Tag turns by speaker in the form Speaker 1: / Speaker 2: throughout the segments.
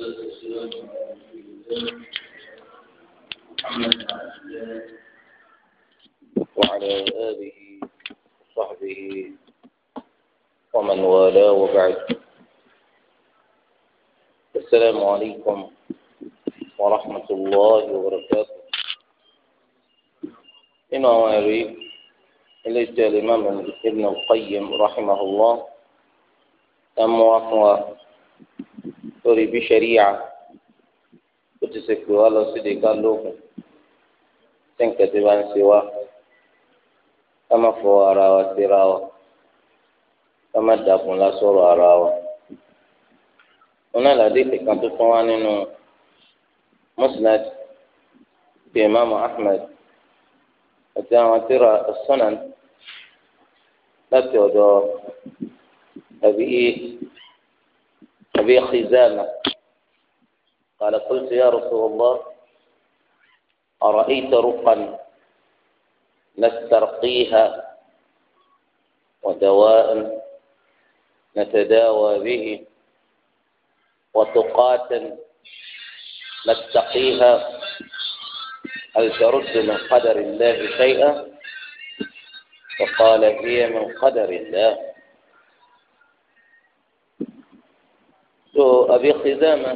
Speaker 1: وعلى آله وصحبه ومن والاه وبعد السلام عليكم ورحمة الله وبركاته إن أواري إليك الإمام ابن القيم رحمه الله أم وأخوة lórí bí sẹ́ríà ó ti ṣe pè wá lọ síde ká lóògùn tí nǹkan ti bá ń ṣe wá ká má fọ ara wa síra wa ká má dàkún lásọ̀rọ̀ ara wa. wọn náà làdé tó tún wá nínú musnad bíi imaamu ahmed àti àwọn tíra sunan láti ọ̀dọ̀ àbí. أبي خزامة قال قلت يا رسول الله أرأيت رقا نسترقيها ودواء نتداوى به وتقات نتقيها هل ترد من قدر الله شيئا فقال هي من قدر الله so Abi Khizama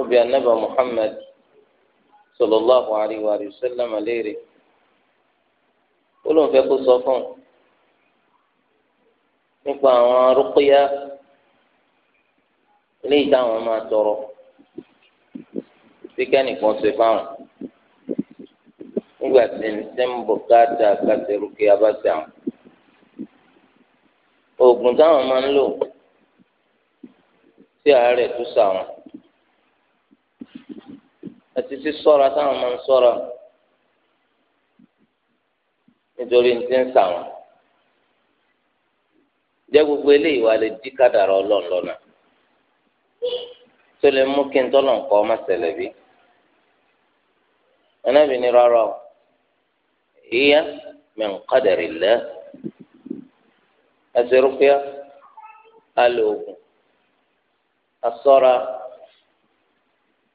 Speaker 1: obi anabi Muhammad sallallahu alayhi wa sallam léèrè ó lóun fẹ́ kó sọ fún un nípa àwọn arúgbóyà eléyìí táwọn máa tọrọ bí kẹ́nìkan ṣe fáwọn nígbà tí ṣe ń bọ̀ káàdà kàtẹ́rù oògùn táwọn máa ń lò. sí àárẹ̀ tó sàwọn àti sọ́ra táwọn máa ń sọ́ra nítorí ní ti ń jẹ́ gbogbo eléyìí wà lè dí kádàrá ọlọ́run tó lè mú kí n tọ́lọ̀ nǹkan ọmọ bí ẹnẹ́bí ni rárá o ìyá min qadarillah ẹsẹ̀ rúpíà á lo oògùn. asọ́ra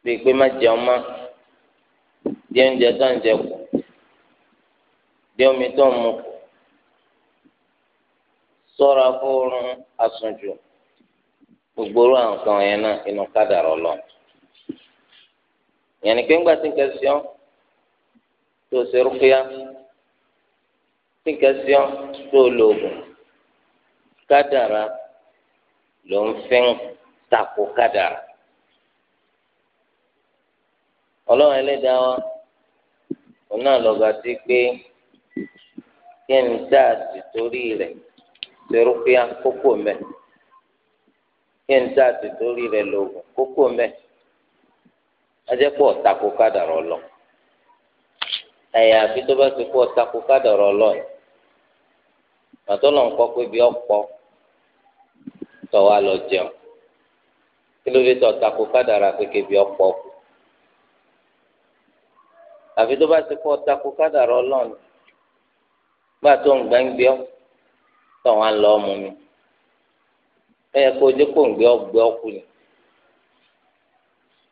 Speaker 1: bíi pé má jẹun má jẹ oúnjẹ tó ń jẹ kù jẹ omi tó ń mu kù sọ́ra fóorun asùnjù gbogbo orú àwọn nǹkan yẹn náà inú kádàrọ̀ lọ. ìyẹn ni pé ńgbà tí nǹkan sí ọ́ tó ṣe rúkúyà tí nǹkan lo oògùn tako kádàrá ọlọ́run ẹlẹ́dàá wa òun pé kí ẹni dá àtìtórí serúfíà kókó mẹ́ kí ẹni dá kókó tako ẹ̀yà àfi tó bá ti pọ̀ tako rọ yìí màtọ́lọ́ ń pé bí ọ̀pọ̀ tọ́wọ́ kí ló dé tó ọ̀tàkù kádàrà pé kébi ọ̀pọ̀ kù àfi tó bá ti kọ́ ọ̀tàkù kádàrà ọlọ́ọ̀ni gbà tó ń gbẹ́ngbẹ́ ọ́ tó wọn lọ ọmọ mi ẹ̀yẹ kó dé kó ń gbé ọgbẹ́ ọkù ni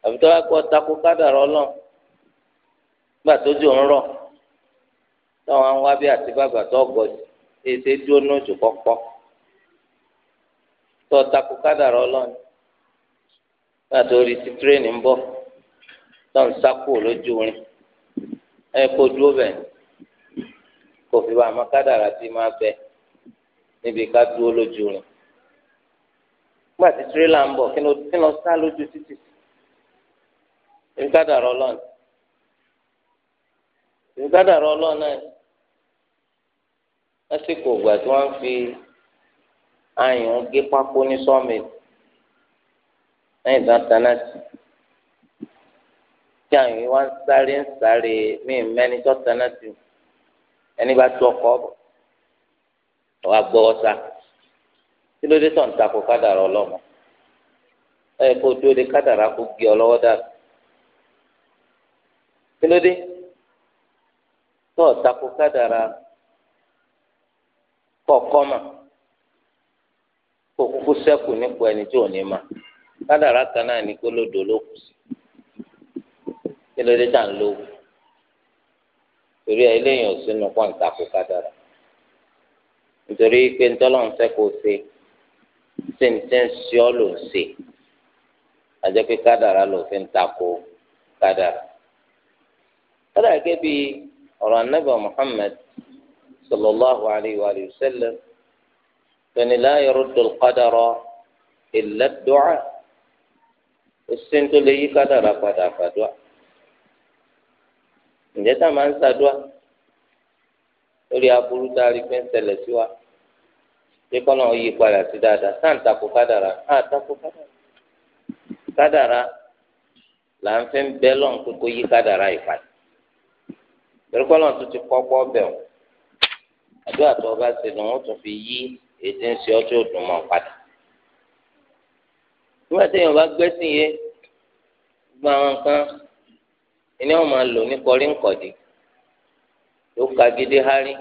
Speaker 1: àfi tó bá kọ́ ọ̀tàkù kádàrà ọlọ́ọ̀ni gbà tó jò ń rọ̀ tó wọn wá bí àti bàbà tó gbọ́ èsè dúró ní oṣù kọ́kọ́ tó ọ̀tàkù kádàrà ọlọ́ọ̀ni gbàtà orí ti tírẹ́ẹ̀nì ń bọ̀ tó ń sákò lójú orin ẹ kó dúró bẹ̀ kò fi wà mọ́kádàrà tí máa bẹ níbi ká dúró lójú orin gbàtà tírẹ́là ń bọ̀ kí ló sá lójú títì ìgbàdàrọ̀ lọ́nà ìgbàdàrọ̀ lọ́nà lásìkò ìgbà tí wọ́n fi ayùn gé pákó ní sọ́ọ̀mìtì. lẹ́yìn tó ń taná sí tí àwọn yìí wá ń sáré ń sáré míì mẹ́ni tó
Speaker 2: ẹni bá tó ọkọ
Speaker 1: bọ̀ wá gbọ́ ọ́sá kí ló dé tó ń takò kádàrá ọlọ́mọ ẹ kó dúró de tọ kó gé ọ lọ́wọ́ dànù kí ló ẹni tí kádàrá kan náà ní kó ló kù sí kí ló dé tà ń lówó torí ẹ eléyìí sínú pọ́ǹtà kó kádàrá nítorí pé ntọ́lọ́run fẹ́ ṣe ṣe ń tẹ́ ń ṣe ọ́ ló ń ṣe àjẹ́ pé kádàrá fi ń kádàrá gẹ́gẹ́ bí ọ̀rọ̀ Muhammad sallallahu alayhi wa sallam al òṣìṣẹ́ tó lè yí kádàrá padà àfàdúà ǹjẹ́ tá a máa ń ṣàdúà lórí aburú tá a rí ń sí wa pé kọ́nà yí padà sí dáadáa tá à ń takò kádàrá á takò kádàrá kádàrá là ń fẹ́ bẹ́ lọ́n kó yí yìí padà ti bẹ̀ wọ́n àdúrà tó o bá ṣe ó tún fi yí ètò ń ṣe ọ́ tó dùn mọ́ nígbà téèyàn bá gbẹ́sìn yé gbogbo àwọn nǹkan ìní wọn máa lò ní kọrínkọ̀dí yóò ka gidi hárí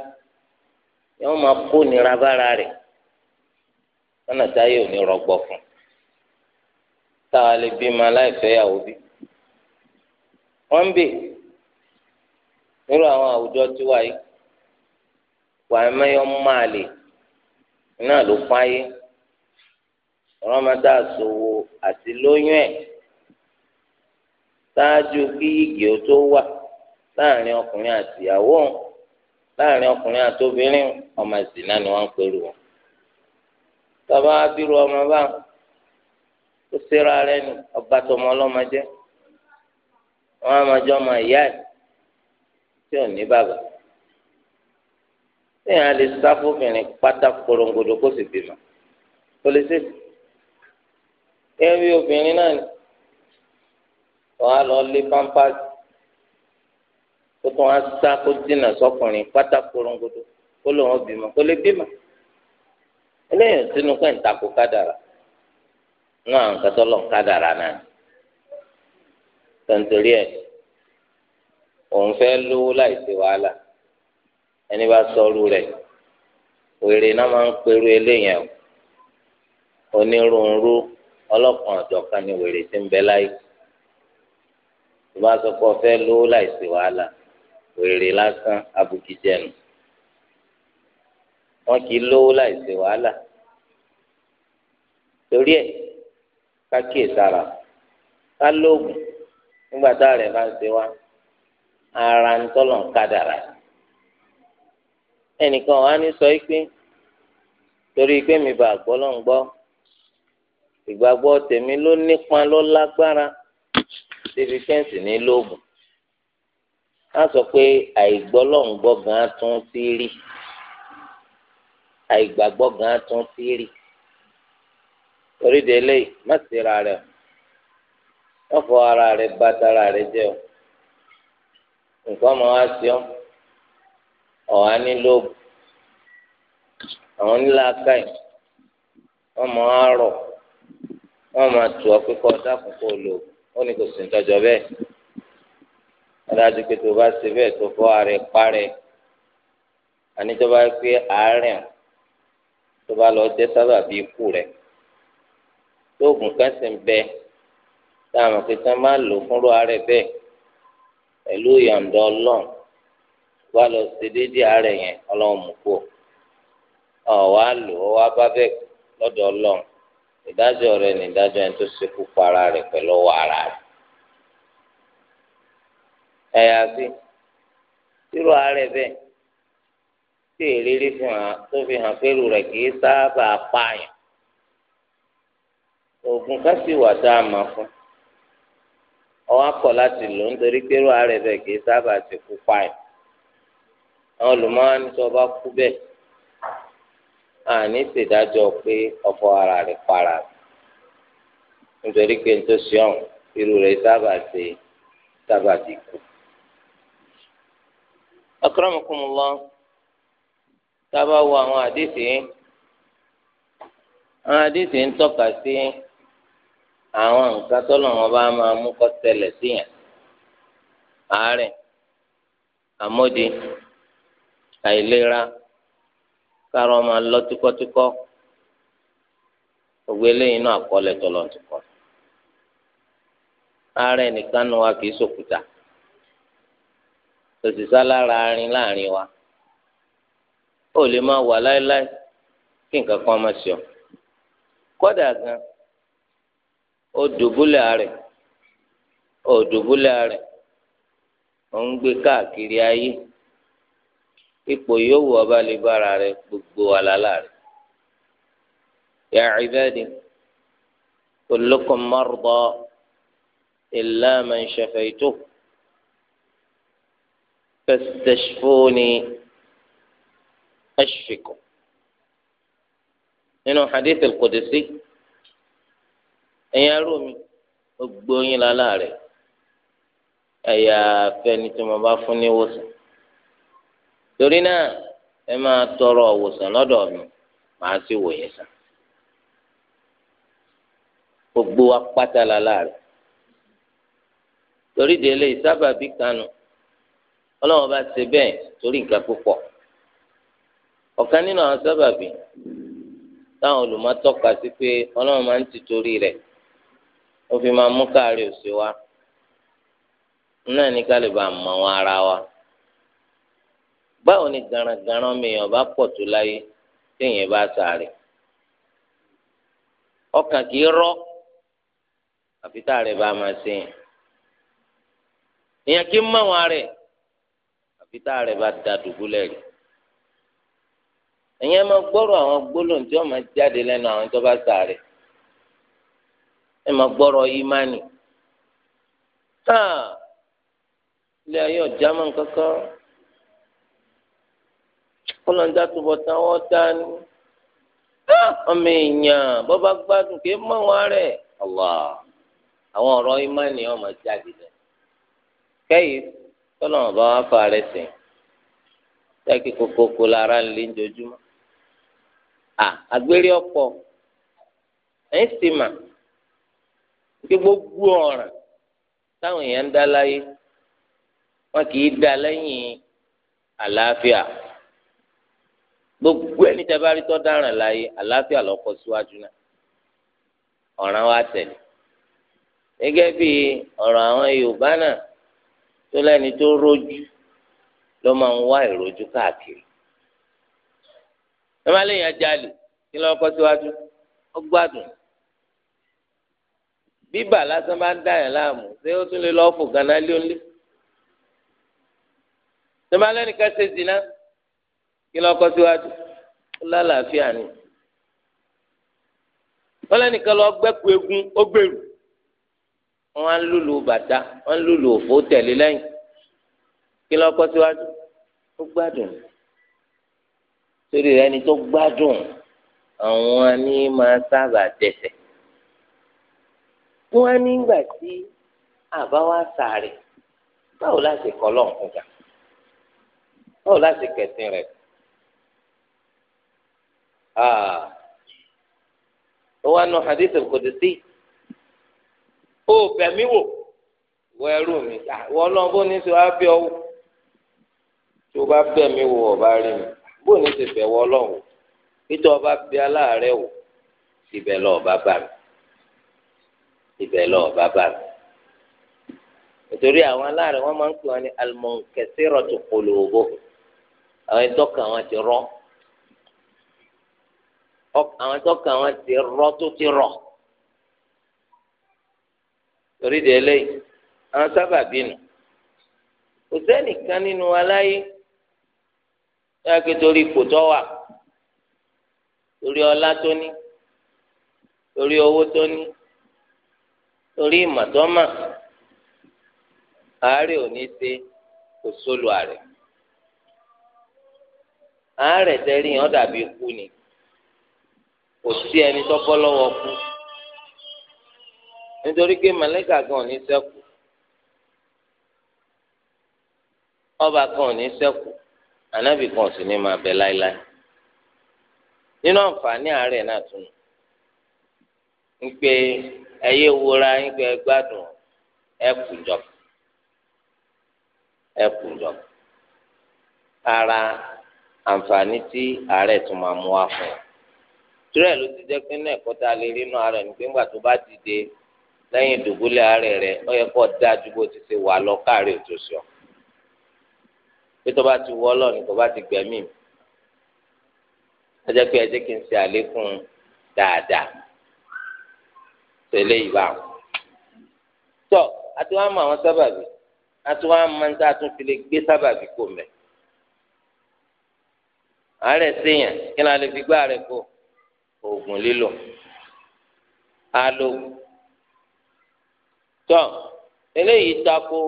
Speaker 1: yóò máa kó nira bára rẹ̀ lọ́nà ò ní rọgbọ fún táwa lè bímọ aláìfẹ́yàwó bí wọ́n ń bè nírú àwọn àwùjọ yìí wà á mẹ́yọ́ máa lè ló àti lóyún ẹ̀ ṣáájú kí igi ó tó wà láàrin ọkùnrin àti ìyàwó òun láàrin ọkùnrin àti obìnrin ọmọ ìsìn náà ni wọ́n ń pèrò wọn. tọ́ba bírú ọmọ bá ó ṣera rẹ̀ ni ọba tọmọ ọlọ́mọ jẹ́
Speaker 2: wọ́n á máa jọ ọmọ ìyá
Speaker 1: ẹ̀ tí ò ní bàbá téèyàn lè sá fóbìnrin pátá korongodo kó sì bímọ kó ẹbí obìnrin náà ni wàá lọ lé pampers kó tó wá sá kó dínà sọkùnrin pátá korongodo kó ló wọn bímọ kó lè bímọ eléyìí sínú pé ń takò kádàrà náà àwọn tó lọ kádàrà náà tontorí ẹ òun fẹ́ lówó láìsí wàhálà ẹni bá wèrè náà máa ń perú eléyìí onírúurú. ọlọ́kan ọ̀jọ̀kan ni wèrè ti ń bẹ láyé tó bá sọ pé ọfẹ́ lówó láìsí wàhálà wèrè lásán abùkí jẹnu wọn kì í lówó láìsí wàhálà torí ẹ kákìí sára ká lóògùn nígbà tá a rẹ̀ bá ń ṣe wá ara ń tọ́lọ̀ ń kádàrà ẹnìkan wàá ní sọ pé torí pé mi bá gbọ́ lọ́n gbọ́ ìgbàgbọ́ tèmi ló nípa ló lágbára débi kẹ́ǹsì ní lóògùn á sọ pé àìgbọ́lọ́ǹgbọ́ gan tún ti rí àìgbàgbọ́ gan tún ti rí torí de má ra wọ́n fọ ara tara jẹ́ o nǹkan sí àwọn wọ́n wọ́n máa tù ọ́ pé kọ́ dákun kó lò ó ní kò sì ń tọ́jọ́ bẹ́ẹ̀ adájú pé tó bá ṣe bẹ́ẹ̀ tó fọ́ ààrẹ parẹ́ àníjọba pé àárẹ̀ tó bá lọ jẹ́ sábà bíi ikú rẹ̀ tóògùn kan sì ń bẹ táwọn akẹ́kọ̀ọ́ máa lò fúnrú ààrẹ bẹ́ẹ̀ pẹ̀lú ìyọ̀ǹda ọlọ́run wá lọ ṣe déédéé ààrẹ yẹn ọlọ́run mú kú ọ wá lò ó wá bá bẹ́ẹ̀ lọ́dọ̀ ọlọ́run ìdájọ́ rẹ̀ ní ìdájọ́ ẹni tó sekú para rẹ pẹ̀lú ọwọ́ ara rẹ̀ ẹ̀yà sí tírò ààrẹ bẹ́ẹ̀ tí ìrírí fi hàn tó fi hàn pẹ̀lú rẹ̀ kìí sábà pààyàn oògùn ká sì wà tá a máa fún ọwọ́ akọ̀ láti lò nítorí ààrẹ bẹ́ẹ̀ kìí sábà pààyàn àwọn bá kú àní ṣèdájọ́ pé ọ̀fọ̀ ara rẹ̀ para nítorí pé n tó ṣe ọ̀hún irú rẹ̀ sábà ṣe sábà bí kú. akramakumullah sábà wo àwọn àdìsí àwọn àdìsí ń tọ́ka sí àwọn nǹkan tọ́lọ́wọ́n bá máa mú kó tẹ̀lẹ̀ síyàn àárẹ̀ àmódi àìlera. káàrọ ọmọ alọ tukọtukọ gbogbo eléyìí náà àkọọlẹ tọlọ tíkọ ara ẹnìkan nu wa kì í sòkúta òṣìṣẹ́ alára arin láàrin wa ó lè máa wà láéláé kí nǹkan kan máa ṣe ọ kódà gan ó dùbúlẹ̀ rẹ̀ ó dùbúlẹ̀ rẹ̀ ó ń gbé káàkiri ayé. ipò yòówù ọba lè bára rẹ gbogbo alálà rẹ. ya ibadi kullukum marda illa man shafaytu fastashfuni ashfikum. nínú hadith al-qudsi ẹ̀yin arú mi gbogbo yín lálá rẹ ẹ̀yà afẹ́ni tí mo bá fún ní wòsàn. torí náà ẹ máa tọrọ òwòsàn lọ́dọ̀ mi màá sì wò yín sàn gbogbo apáta la láàrin torí délé sábàbí kanu ọlọ́wọ́n bá ṣe bẹ́ẹ̀ torí nǹkan púpọ̀ ọ̀kan nínú àwọn sábàbí táwọn olùmọ̀tọ́ka sí pé ọlọ́run máa ń ti torí rẹ̀ ó fi máa mú káàárẹ̀ òsì wa náà ní ká lè bá a mọ wọn ara wa báwo ni garangaran mìíràn bá pọ̀ tó láyé téèyàn bá sáré ọkàn kì í rọ àfi a rẹ bá máa ṣe èèyàn kì í mọ àwọn rẹ àfi a rẹ bá da dùbúlẹ̀ rẹ èèyàn máa gbọrọ àwọn gbólóhùn tí wọ́n máa jáde lẹ́nu àwọn tó bá sáré ẹ máa ìmánì tán ilé kọlọ́njà túbọ̀ tán wọ́n dání ọmọ èèyàn bọ́bá gbádùn kì í mọ wọn rẹ̀ Allah àwọn ọ̀rọ̀ ìmánì ọmọ jáde lẹ̀ kẹ́yìí tọ́lọ́mọ bá wá fa rẹ̀ sìn tẹ́kì kókókó lára ń lé njojúmọ́ à ọrụ ọ̀pọ̀ ẹ̀ sì mà kí gbogbo ọ̀ràn táwọn èèyàn ń dá láyé wọn kì í dá lẹ́yìn àlàáfíà. gbogbo ẹni tẹ́ bá rí tọ́ dáràn láyé àlàáfíà lọ́kọ́ síwájú náà ọ̀ràn wa tẹ̀lé gẹ́gẹ́ bí ọ̀rọ̀ àwọn Yorùbá náà tó lẹ́ni tó rójú ló máa ń wá ìrójú káàkiri ẹ má léèyàn jalè kí lọ́kọ́ síwájú ó gbádùn bíbà lásán bá ń láàmú ṣé ó tún lè fò kí ló kọ síwájú lálàáfíà ni wọn lẹnìkan lọ gbẹkú egun ó gbèrú wọn á lùlù bàtà wọn lùlù òfò tẹ̀lé lẹ́yìn kí ló kọ síwájú ó gbádùn torí ẹni tó gbádùn àwọn ni máa sábà dẹsẹ̀ wọn á nígbà tí àbá wa sàárè báwo láti kọ lọ́nkùn gà báwo láti kẹsìn rẹ̀ kù. Ah. wọ́n á nu hadith al-Qudsi ó bẹ̀mí wò wọ ẹrú mi ah, wọ́n lọ bó ní sọ abẹ́ ọ̀wọ́ tí o bá bẹ̀mí wò ọba rí mi bó ní ti bẹ̀ wọ́ ọlọ́wọ́ nítorí ọba bẹ aláàárẹ̀ wò ibẹ̀ lọ ọba bá mi ibẹ̀ lọ ọba bá mi nítorí àwọn aláàárẹ̀ wọ́n máa ń pè wọ́n ní al-munkasiratu qulubuhum àwọn ìtọ́ka wọn ti rọ́. àwọn tọ́ka wọn ti rọ tó ti rọ torí de eléyìí àwọn sábà bínú kò sẹ́nìkan nínú aláyé yára pé torí ipò tó wà torí ọlá tó ní torí owó tó ní torí ìmọ̀ tó mà àárẹ̀ ò ní ṣe kò sólù àárẹ̀ àárẹ̀ tẹ́lẹ̀ yẹn ó dàbí ikú ni. kò sí ẹni tó bọ́ lọ́wọ́ kú nítorí pé màlẹ́kà gan ní sẹ́kù ọba gan ní sẹ́kù ànábì kan sì ní máa bẹ láéláé nínú àǹfààní àárẹ̀ náà tún ń pé ẹyẹ wúra ń pé ara àǹfààní tí àárẹ̀ tún máa mú wá fún tirẹ̀ ló ti jẹ́ pé náà ẹ̀kọ́ta lè rí inú ara ẹ̀ nígbà ńgbà tó bá dìde lẹ́yìn ìdògúnlẹ̀ ara rẹ̀ ó yẹ kó dáa ju bó ti ṣe wà lọ káàárẹ̀ tó sọ pé tó bá ti wọ́ lọ ni kò bá ti gbẹ̀mí ẹ jẹ́ pé ẹ jẹ́ kí n ṣe àlékún dáadáa tẹ̀lé ìwà àwọn. tọ́ àti wàá mọ àwọn sábàbí àti wàá mọ níta tún fi lè gbé sábàbí kò mẹ́ àárẹ̀ séèyàn kí ni a lè fi gbá àárẹ̀ kò oògùn lílò alo tọ eléyìí tako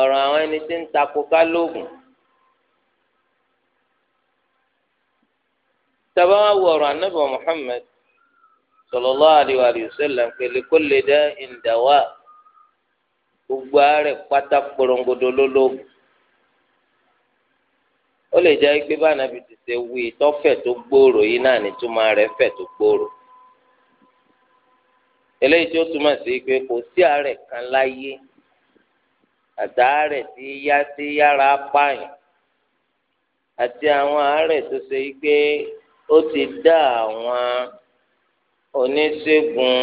Speaker 1: ọ̀rọ̀ àwọn ẹni tí ń tako ká lóògùn tàbá wà wọ ọ̀rọ̀ anábì Muhammad sallallahu alaihi wa sallam pẹlẹ kó lè dá ìdáwà gbogbo àárẹ̀ pátá korongodo lólógùn ó lè jẹ́ pé bá nàbì ti ṣe wí tọ́fẹ̀ tó gbòòrò yìí náà ní túmọ̀ rẹ̀ fẹ̀ tó gbòòrò eléyìí tó túmọ̀ sí pé kò sí àárẹ̀ kan láyé àtàárẹ̀ tí yá sí yára pààyàn àti àwọn àárẹ̀ tó ṣe pé ó ti dá àwọn oníṣègùn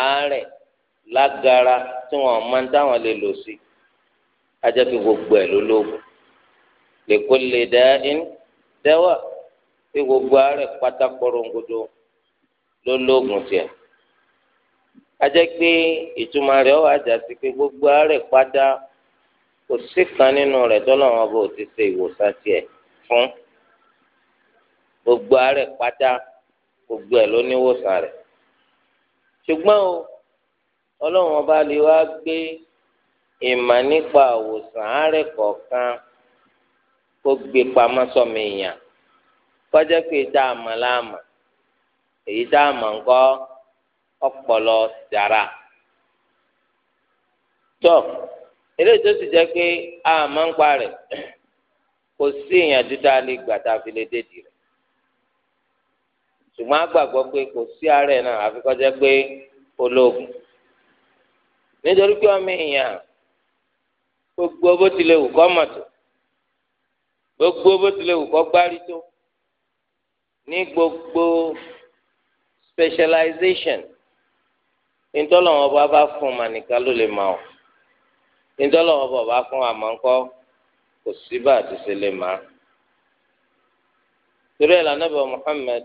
Speaker 1: àárẹ̀ lágara tí wọ́n máa ń dáwọn lè lò sí ajẹ́ pé gbogbo ẹ̀ ló lèkólè dáín dẹ́wà tí gbogbo àárẹ̀ pátá korongodo ló lóògùn tiẹ̀. a jẹ́ pé ìtumọ̀ rẹ̀ wà jà sí pé gbogbo àárẹ̀ pátá kò sí kan nínú rẹ̀ tọ́lọ̀ wọn bó ti ṣe ìwòsàn tiẹ̀ fún gbogbo àárẹ̀ pátá gbogbo ẹ̀ ló níwòsàn rẹ̀. ṣùgbọ́n o ọlọ́run ọba lè wá gbé ìmọ̀ nípa àwòsàn àárẹ̀ kọ̀ọ̀kan. kó gbé pamọ́ sọ́mi èèyàn kọjá pé tá a mọ̀ láàmà èyí tá a mọ̀ ńkọ́ ọpọlọ dára tó eléyìí tó sì jẹ́ pé a máa ń pa kò sí a lè tá a fi lè rẹ̀ a gbàgbọ́ pé kò sí àfi kọjá pé ológun nítorí pé ọmọ èèyàn gbogbo bó tilẹ̀ wù kọ́ gbogbo bó tilẹ̀ wù kọ́ gbárí tó ní gbogbo specialization ntọ́lọ́wọ́n bá bá fún ma nìkan ló lè ma ọ́ ntọ́lọ́wọ́n bá bá fún àmọ́ kò sí bá àti ṣe lè ma. torí ẹ̀ lànàbẹ̀ Muhammad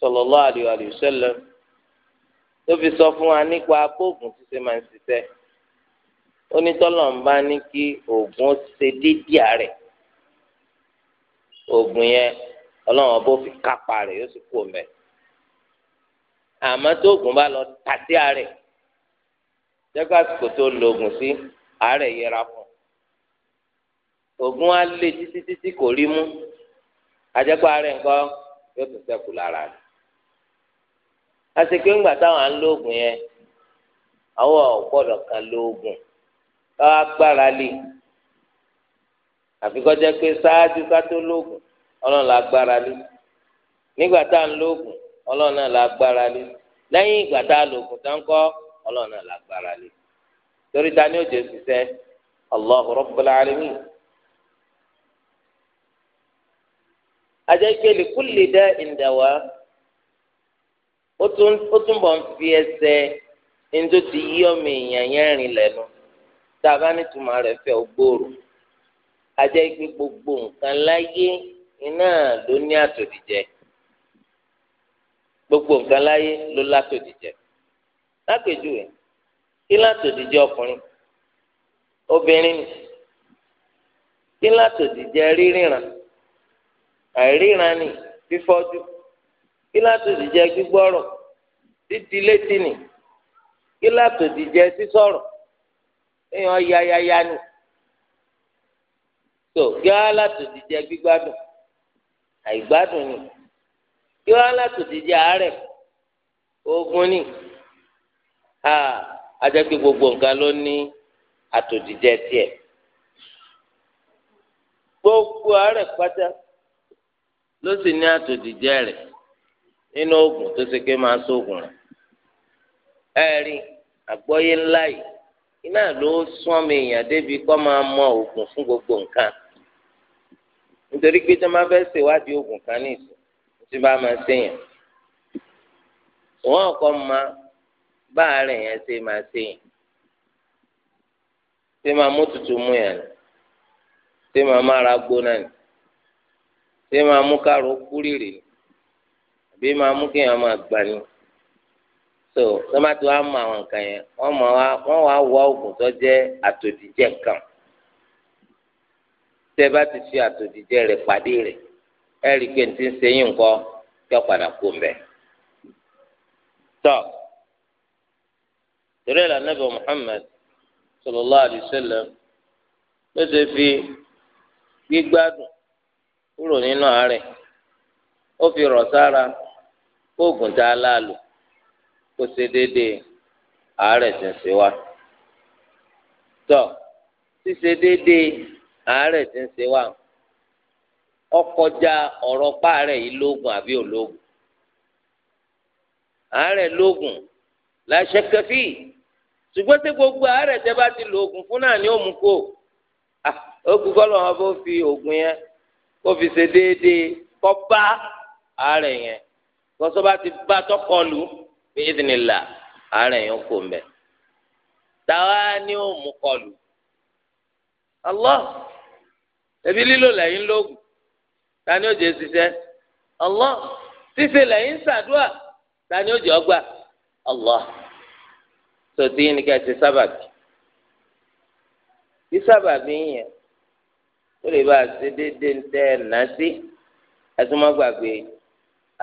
Speaker 1: sallallahu alaihi wa sallam tó fi sọ fún wa nípa abóògùn tí ṣe máa ń ṣiṣẹ́ onítọ́lọ́wọ́n bá ní kí oògùn ṣe déédéé rẹ̀ ogun yẹn ọlọ́run ọbọ̀ fi kápá rẹ̀ yóò sì kú ọ̀mẹ́ àmọ́ tó bá lọ tàdé àárẹ̀ jẹ́gbà àsìkò tó lo ogun sí àárẹ̀ yẹra fún oògùn á lé títí kò rí mú àjẹpọ̀ àárẹ̀ nǹkan yóò tún sẹ́kù lára rẹ̀ àsìkò ńgbà táwọn ń lo kan lo ogun àfi kọjá pé ṣáájú ká tó lóògùn ọlọ́run la gbára lé nígbà tá à ń lóògùn ọlọ́run náà la gbára lé lẹ́yìn ìgbà tá a lóògùn tán kọ́ ọlọ́run náà la gbára lé torí ta ni ó kú lè dá ìdáwà ó ní tó ti yí ọmọ ajẹ́ pé gbogbo nǹkan láyé iná ló ní àtòdìjẹ gbogbo nǹkan láyé ló látòdìjẹ lápèjúwe kí látòdìjẹ ọkùnrin obìnrin ni kí látòdìjẹ ríríran àìríran ni fífọ́jú kí látòdìjẹ gbígbọ́rọ̀ títí létí ni kí látòdìjẹ sísọ̀rọ̀ èèyàn yayaya ni. Ya, ya, ya, tó kí wá látò jíjẹ gbígbádùn àìgbádùn ni kí wá látò jíjẹ àárẹ̀ ogun ni gbogbo nǹkan ló ní ẹ gbogbo àárẹ̀ pátá ló sì ní àtòjíjẹ rẹ̀ nínú oògùn tó ṣe pé máa sóògùn rẹ̀ ẹ̀rí ńlá yìí iná ló sún ọmọ èèyàn débi kọ́ máa mọ fún gbogbo nǹkan nítorí pé tí wọn bá fẹ́ ṣèwádìí oògùn kan ní ìsìn tí bá máa ṣèyàn wọn kọ́ ma bá àárẹ̀ yẹn ṣe máa ṣèyàn ṣé máa mú tutù mú yàn ni ṣé máa mára gbóná ni ṣé máa mú kárò kúrìrì ni àbí máa mú kéèyàn máa gbà ni so tọ́mátì wa mọ àwọn nǹkan yẹn wọ́n wá wọ́n wá wọ oògùn tó jẹ́ àtòdìjẹ́ kan. tẹ ti fi àtòjíjẹ rẹ pàdé rẹ ẹ rí i pé ti ń ṣe yín nǹkan yọ padà tọ́ torí ẹ̀la sallallahu fi gbígbádùn kúrò nínú àárẹ̀ ó fi rọ̀ sára oògùn tá a láàlò kó ṣe déédéé àárẹ̀ sì ń ṣe wá. tọ́ ṣíṣe àárẹ̀ ti ń ṣe wá ọkọjá ọ̀rọ̀ páàrẹ̀ yìí lóògùn àbí olóògùn àárẹ̀ lóògùn láṣẹ kẹfì ṣùgbọ́n tí gbogbo àárẹ̀ tẹ́ bá ti lo oògùn fún náà ni ó mú kó oògùn kọ́ lọ́wọ́ bó fi oògùn yẹn kó fi ṣe déédéé kọ́ bá àárẹ̀ yẹn kọ́sọ́ bá ti bá tọkọlù bí ìdìnnìlà àárẹ̀ yẹn kò mbẹ́ táwa ni ó mú kọlù Allah ẹbí lílo lẹ́yìn lóògùn tani ó jẹ ṣiṣẹ́ ọlọ ṣíṣe lẹ́yìn ṣàdúrà tani ó jẹ ọgbà ọlọ sọtí yín ni ká si sábàbí bí sábàbí yẹn ó lè bá a ṣe déédéé ń tẹ ẹ ná ẹtùmọ́gbàgbé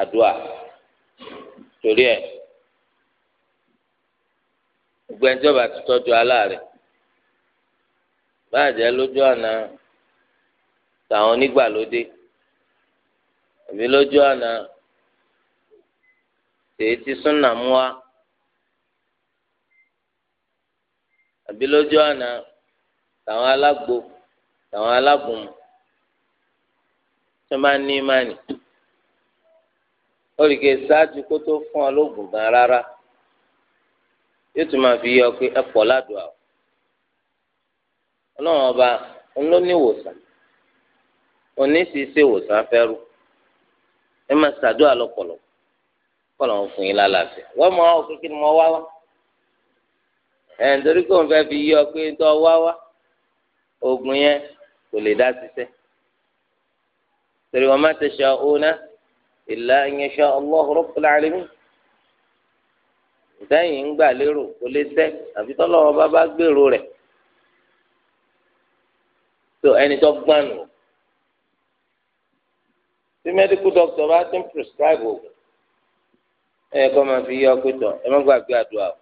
Speaker 1: àdúrà torí ẹ ti tàwọn onígbàlódé àbí lójú àná èyí tí súnà mú wa àbí lójú àná tàwọn alágbo tàwọn alágùnmu tó máa ní ìmánì ó rí i ké ṣáájú kó fún ọ lóògùn gan rárá yóò tún máa fi yọ pé ẹ pọ̀ ládùá ọba òní sì ṣe ìwòsàn afẹ́rú ẹ máa ṣàdúrà lọ́pọ̀lọ́ kọ́lọ̀ ń fún yín lálàáfíà wọ́n mọ àwọn kékeré mọ wá wá ẹ̀ nítorí kò ń fẹ́ fi yí ọ pé tó wá wá oògùn yẹn kò lè dá ṣiṣẹ́ torí wọn má tasha'una illa an yasha Allahu rabbul alamin ìdáyìn ń gbà lérò kò lè ṣẹ àfi tọ́lọ́wọ́ bá bá gbèrò rẹ̀ tó ẹni tó gbànú tí medical doctor bá ti ń prescribe oògùn ẹ kọ́ máa fi yọ pé tán ẹ má gbàgbé àdúrà o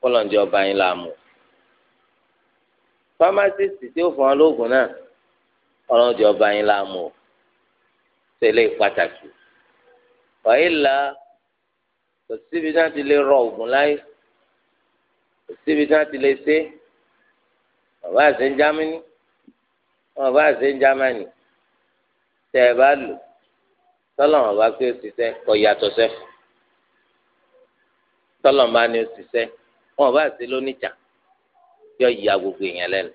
Speaker 1: kọ́lọ̀ ń jẹ ọba yín láàmú. pharmacist tí ó fún ọ lóògùn náà ọlọ́run jẹ ọba yín láàmú o tẹ̀lé pàtàkì. wàhálà kò síbi náà ti lè rọ oògùn láyé kò síbi náà ti lè ṣe bàbá àṣẹ ń jámánì bàbá àṣẹ ń jámánì tẹ ẹ bá lò tọ́lọ̀mù bá pé ó ti sẹ́ kọ yàtọ̀ sẹ́fù tọ́lọ̀mù bá ní ó ti sẹ́ wọn bá sí lónìjà yọ ìyá gbogbo èèyàn lẹ́nu.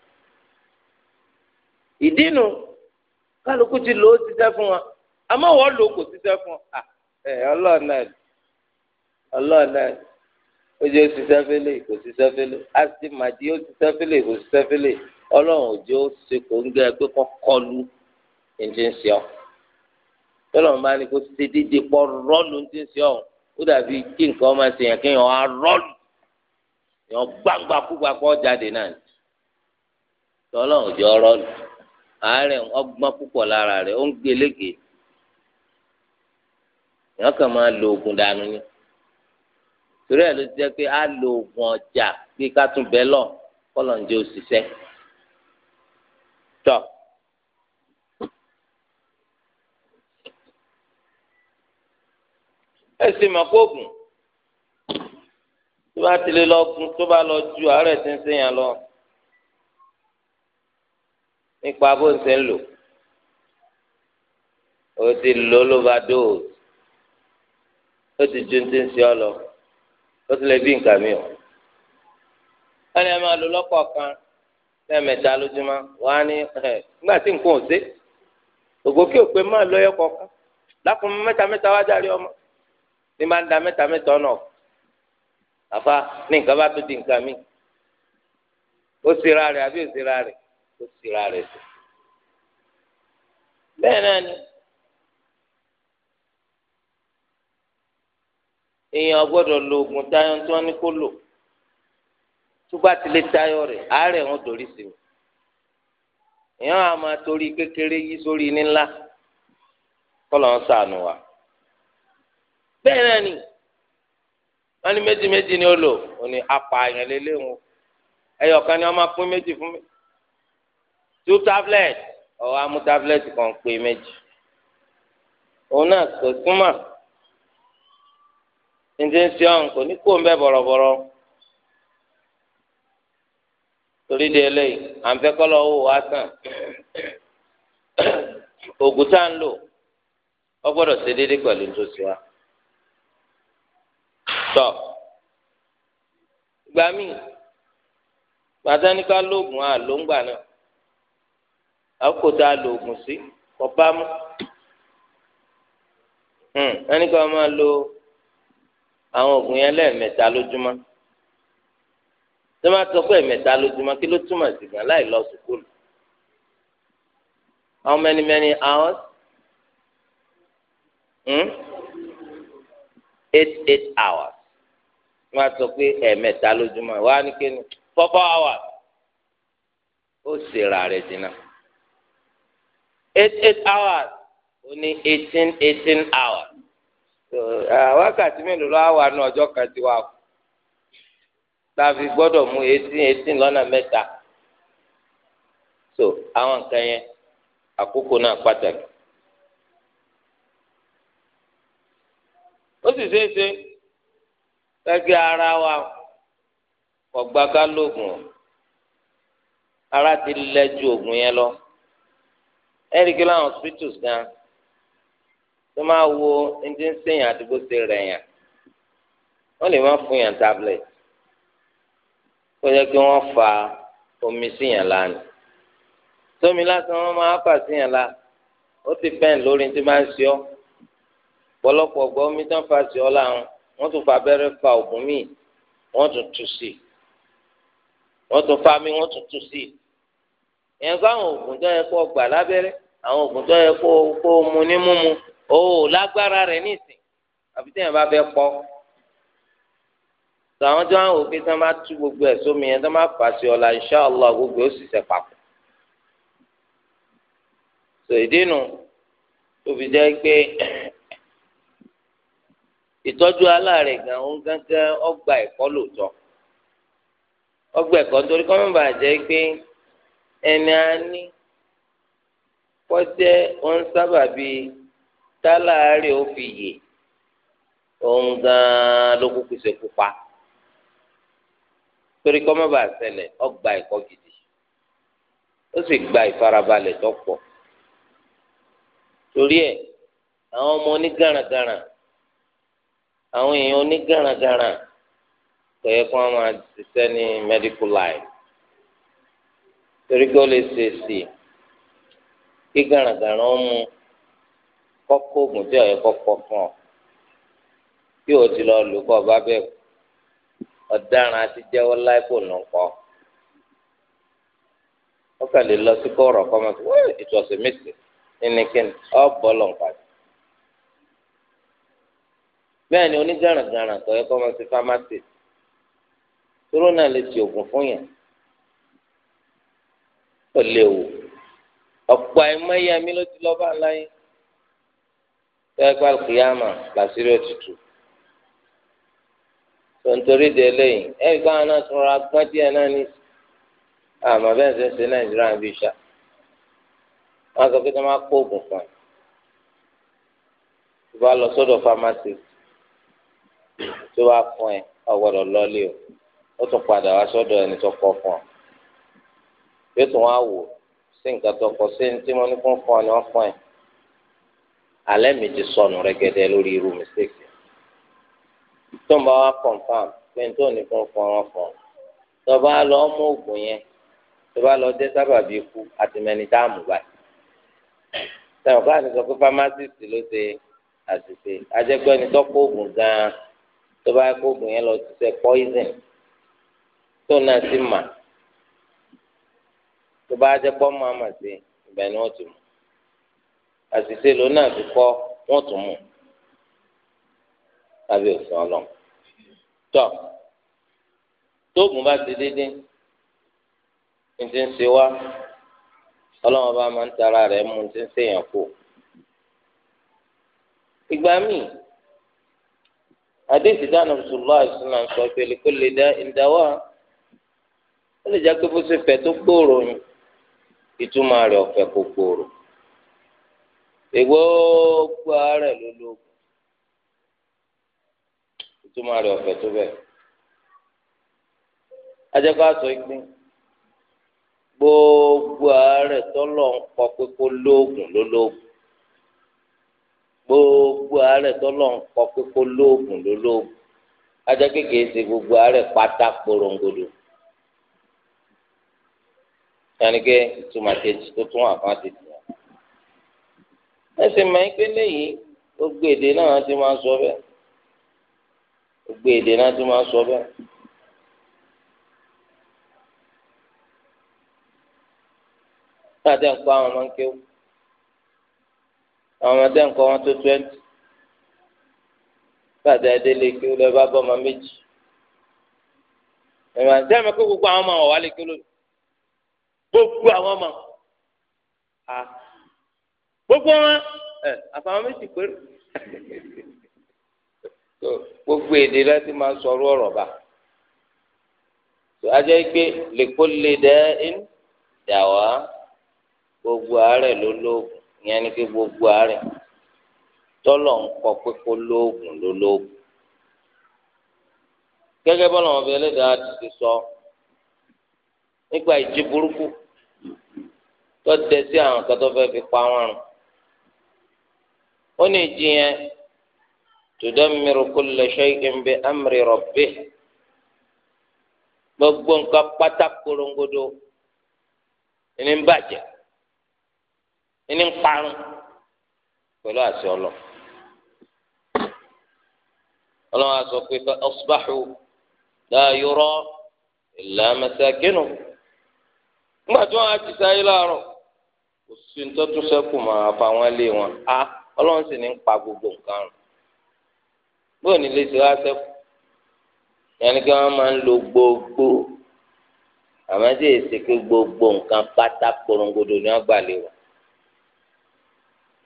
Speaker 1: ìdínú kálukú ti lò ó ti sẹ́ fún wọn àmọ́ wọ́n lò ó kò ti sẹ́ fún ẹ ọlọ́run náà ọlọ́run náà ó jẹ́ ó ti sẹ́ fẹ́lẹ́ kò ti sẹ́ fẹ́lẹ́ á sì màdí ó ti sẹ́ fẹ́lẹ́ kò ti sẹ́ fẹ́lẹ́ ọlọ́run ò jẹ́ ó ṣe kò ń gẹ́ ẹ pé kọ́ kọ́ lu ntí ń sọ tọ́lọ̀ ń bá ní kó ṣe dídí pọ̀ rọ́ọ̀lù ntí ń sọ ó dàbí kí nǹkan ọmọ ṣe yàn kéèyàn á rọ́ọ̀lù yàn gbangba kúgba kọ́ jáde náà tọ́lọ̀ ò jọ rọ́ọ̀lù àárẹ̀ ọgbọ́n púpọ̀ lára rẹ̀ ó ń gbélégè yàn kàn máa lo oògùn dànù ni torí ẹ̀ ló ti jẹ́ pé á lo oògùn ọjà bí ká bẹ́ lọ kọ́lọ̀ ń jẹ́ òṣìṣẹ́ tọ́. ẹ sì mọ̀ kó oògùn tó bá tilẹ̀ lọ gun tó bá lọ ju àárẹ̀ tí ń sè yàn lọ nípa bó ń sè ń lò ó ti lò ló bá dóòtù ó ti ju ti ń sè ọ lọ ó ti lè bí nǹkan mi o ẹni ẹ máa lò lọ́kọ̀ọ̀kan lẹ́ẹ̀mẹ́ta lójúmọ́ wàá ní nígbà tí nǹkan ò sí ògòkè òpè máa lọ kọ̀ọ̀kan lákùnrin mẹ́ta mẹ́ta wájà rí ọmọ ní máa ń da mẹ́ta mẹ́ta ọ̀nà àfa ní nǹkan bá tó di nǹkan mi ó sera rẹ̀ àbí ó sera rẹ̀ ó sera rẹ̀ sí. bẹ́ẹ̀ náà ni èèyàn gbọ́dọ̀ lo oògùn tayọ tí wọ́n ní kó lò tó bá ti lè tayọ rẹ̀ àárẹ̀ wọn dòrí sí mi èèyàn á máa torí kékeré yí sórí ní ńlá kọ́ lọ́n sànù wa. bẹ́ẹ̀ ni wọ́n ní méjì méjì ni ó lò ó ní apààyàn lélẹ́wọ̀n ẹyọ kan ni wọ́n máa pín méjì fún mi two tablet ọ̀hún amú tablet kan pé méjì òun náà kò súnmọ́ ǹjẹ́ ń ṣe ọ̀hún kò ní kó ń bẹ́ bọ̀rọ̀bọ̀rọ̀ torí di eléyìí à ń fẹ́ kọ́ lọ́wọ́ sàn ògùn tá tọ ìgbà míì gbàtà ní ká lóògùn àlóńgbà náà àkókò tá a lóògùn sí ọba mú hmm, ẹnì kan máa lo àwọn oògùn yẹn lẹ́ẹ̀mẹ́ta lójúmọ́ tó máa sọ pé ẹ̀mẹ́ta lójúmọ́ kí ló túmọ̀ sí gan láì lọ sùkúlù how many many hours hmm? eight eight hours wọ́n á sọ pé ẹ̀ẹ̀mẹ́ta lójúmọ́ wọ́n á kí ni hours ó ṣèrà rẹ̀ dínà eight eight hours ó ní eighteen eighteen hours wákàtí mélòó lọ́wọ́ wà ní ọjọ́ kan ti wà kú tàbí gbọ́dọ̀ mú eighteen eighteen lọ́nà mẹ́ta so àwọn nǹkan yẹn àkókò náà pàtàkì ó sì ṣeé ṣe. gẹ́gẹ́ ara wa ọgbà ká lóògùn ara ti lẹ ju oògùn yẹn lọ ẹrìkí láwọn hospitals gan tó máa wo ẹni ń sèyàn àdúgbò ṣe rẹ̀ yàn wọ́n lè má fún yàn tablet kó jẹ́ kí wọ́n fa omi sí yàn lánàá tómi lásán wọ́n máa fà sí yàn lá ó ti bẹ́ẹ̀ lórí tí máa ń ṣe ọ́ pọ̀lọpọ̀ gbọ́ omi tán fà sí ọ láwọn wọ́n tún fa abẹ́rẹ́ fa òògùn míì wọ́n tún tù sí i wọ́n tún fa mí wọ́n tún tù sí i ìyẹn kó àwọn oògùn tó yẹ kó gbà lábẹ́rẹ́ àwọn oògùn tó yẹ kó kó mu ní mímu o lágbára rẹ̀ nísìn àbí tẹ̀yìn bá fẹ́ pọ̀ tó àwọn tó àwọn òfin tó máa tú gbogbo ẹ̀ sómi yẹn tó máa fà sí ọ̀la inṣàlá gbogbo ó sì sẹ̀ papọ̀ tó ìdínú tó fi jẹ́ pé ìtọ́jú aláàrẹ̀ gan òun gángan ọgbà ẹ̀kọ́ lóòótọ́ ọgbà ẹ̀kọ́ nítorí kọ́ mọ̀bà jẹ́ pé ẹni a ní sábà bíi ó fi yè òun gan ló kúkú ṣe pupa torí kọ́ mọ̀bà ṣẹlẹ̀ ọgbà ẹ̀kọ́ gidi ó sì gba ìfarabalẹ̀ tó torí àwọn ọmọ onígaragara àwọn èèyàn onígaragara kò yẹ kó wọn máa ṣiṣẹ́ ní medical line torí kí ó lè ṣe sí i kí garagara ó mú kọkọ oògùn tí ọ̀yẹ́ kọ́kọ́ fún ọ kí o ti lọ lò kọ́ ọba bẹ́ẹ̀ ọ̀daràn àti jẹ́wọ́ láìpò nù kọ́ ọkàn lè lọ sí kọ́ọ̀rọ̀ kọ́ máa fi wọ́n ètò ọ̀sẹ̀ méjì nínú kí ni ọ̀ bọ́ lọ́npàdé. bẹ́ẹ̀ ni onígaràngaràn tó yẹ kó máa ṣe fámásì tóró náà lè ṣe oògùn fún yàn ó léwu ọ̀pọ̀ àìmọ́yàmí ló ti lọ́ọ́ bá ń láyé tó yẹ kó àlùkìyàmà làṣírí òtútù tó ń torí de eléyìí ẹ̀rí báwọn náà tún ra gbọ́n díẹ̀ náà ní àmọ́ bẹ́ẹ̀ ṣe ń ṣe nàìjíríà bíi ṣá wọn sọ pé tí wọn máa kó oògùn fún ẹ tó lọ sọ́dọ̀ fámásì tó bá fún ẹ ọgbọ́dọ̀ lọlé o ó tún padà wá sọ́dọ̀ ẹni tó kọ fún ọ yóò tún wá wò sí nǹkan tó kọ sí tí mo ní fún fún ọ ni wọn fún ẹ alẹ́ mi ti sọnù rẹ́gẹ́dẹ́ lórí irú mistake tó ń bá wa confam pé tó ní fún fún ọ fún ọ tó bá lọ mú oògùn yẹn tó bá lọ dé sábàbí ikú àti mẹni tá a mú báyìí sẹ́wọ̀n káàdì sọ pé pharmacist ló ṣe àṣìṣe ajẹ́gbẹ́ni tó kó oògùn gan-an tó bá yẹ kó oògùn yẹn lọ ṣiṣẹ́ poison tó náà sì mà tó bá jẹ́ pọ́ mọ́ àmà sí ibẹ̀ ni wọ́n ti mú àṣìṣe ló náà ti kọ́ wọ́n tún mú lábẹ́ òfin ọlọ́run tọ́ tóògùn bá ti dédé ní ti ń ṣe wá ọlọ́run bá máa ń tara rẹ̀ mú ti ń ṣèyàn kú ìgbà míì. àdéhùn dáná bisimilá ìsúná sọ pé kó lè dá ìdáwà ó lè jẹ́ pé bó ṣe fẹ̀ tó gbòòrò ni ìtumọ̀ rẹ̀ ọ̀fẹ́ kò gbòòrò èwo gbọ́ ara ẹ̀ ló ìtumọ̀ rẹ̀ ọ̀fẹ́ tó bẹ̀ ìpín gbogbo ara ẹ̀ tọ́lọ̀ ń pọ̀ pé gbogbo a tọ́lọ̀ ń kọ pé kó lóògùn ló lóògùn ajá kékeré ṣe gbogbo àárẹ̀ pátá porongodo yanike ìtumọ̀ ike gbogbo èdè náà ti máa sọ bẹ́ẹ̀ gbogbo náà ti máa sọ bẹ́ẹ̀. ti ń àwọn àwọn ọmọdé nǹkan wọn tó twenty gbàdá ẹdẹlẹ kí ó lọ bá bọ ọmọ méjì ẹ̀wọ̀n àti ẹ̀mí kó gbogbo àwọn ọmọ wọn wà lè kí ló gbogbo àwọn ọmọ à gbogbo wọn ẹ àfàwọn méjì péré gbogbo èdè láti máa sọ̀rọ̀ ọ̀rọ̀ bá ajá gbé lèkó lè dẹ́ ẹ́ dà wá gbogbo àárẹ̀ ló lóògùn ìyẹn ni pé gbogbo àárẹ̀ tọ́lọ̀ ń kọ pé kó lóògùn ló lóògùn gẹ́gẹ́ bọ́lá wọn bẹ ẹlẹ́dàá ti ti sọ nípa ìjì burúkú tó dẹ sí àwọn kan tó fẹ́ fi pa wọn rùn ó ní ìjì yẹn tudammiru kulla shay'in bi amri rabbih gbogbo nǹkan pátá korongodo ní bàjẹ́ ẹni ń parun pẹ̀lú àṣẹ ọlọ ọlọ́run aṣọ pé ọsùbáhù dáyọrọ ìlàmẹsẹ kínú ńgbà tí wọn á ti sáyé láàárọ̀ kò sí nítorí sẹkù máa fa wọn lé wọn á ọlọ́run sì ní ń pa gbogbo nǹkan rùn bóyá nílé ti wá sẹkù yẹn kí wọn máa ń lo gbogbo àmọ́ tí èsì pé gbogbo nǹkan pátá korongodo ni wọn gbà lé wọn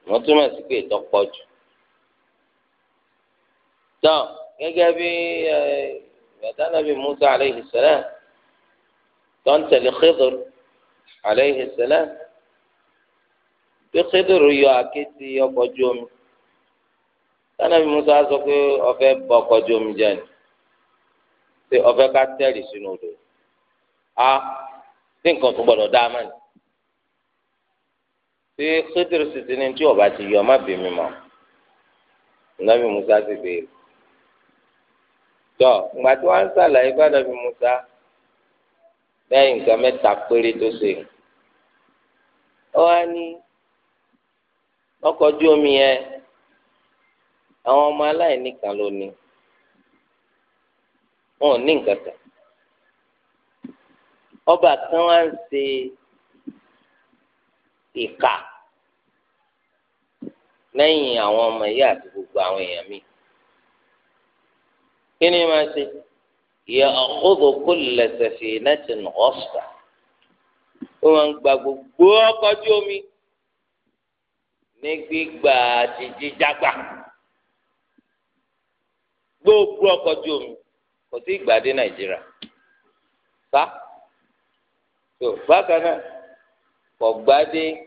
Speaker 1: wọ́n túmọ̀ sí pé ìtọ́ pọ̀ jù. tán gẹ́gẹ́ bí gbàdánàbí Musa aleyhi sẹlẹm tó ń tẹ̀lé Khidir aleyhi sẹlẹm bí Khidir yọ àkétì ọkọ̀ ojú omi gbàdánàbí Musa sọ pé ọ̀fẹ́ bọ ọkọ̀ ojú omi jẹ́ ni ọ̀fẹ́ ká tẹ̀lé sínú odò a tí nǹkan tó gbọdọ̀ dá a mọ̀ ni ṣé Khidr sì ti ní tí ọba ti yọ má bí mi mọ́ nàbí Musa ti béèrè tọ ìgbà tí wọ́n ń ṣàlàyé bá nàbí Musa lẹ́yìn nǹkan mẹ́ta péré tó ṣe ọ wá ní ọkọ̀ ojú omi yẹn àwọn ọmọ aláìní kan ló ní wọn ò ní nǹkan kan ọba kan wá ń ṣe ìka lẹ́yìn àwọn ọmọ yìí àti gbogbo àwọn èèyàn mi kí ni máa ṣe yẹ ọkọdọ kó lẹsẹ fi nẹtì nọọsà ó máa ń gba gbogbo ọkọjú omi ní gbígbà jíjíjágbà gbogbo ọkọjú omi kò tí ì gbà dé nàìjíríà sá tó bákan náà kò gbà dé.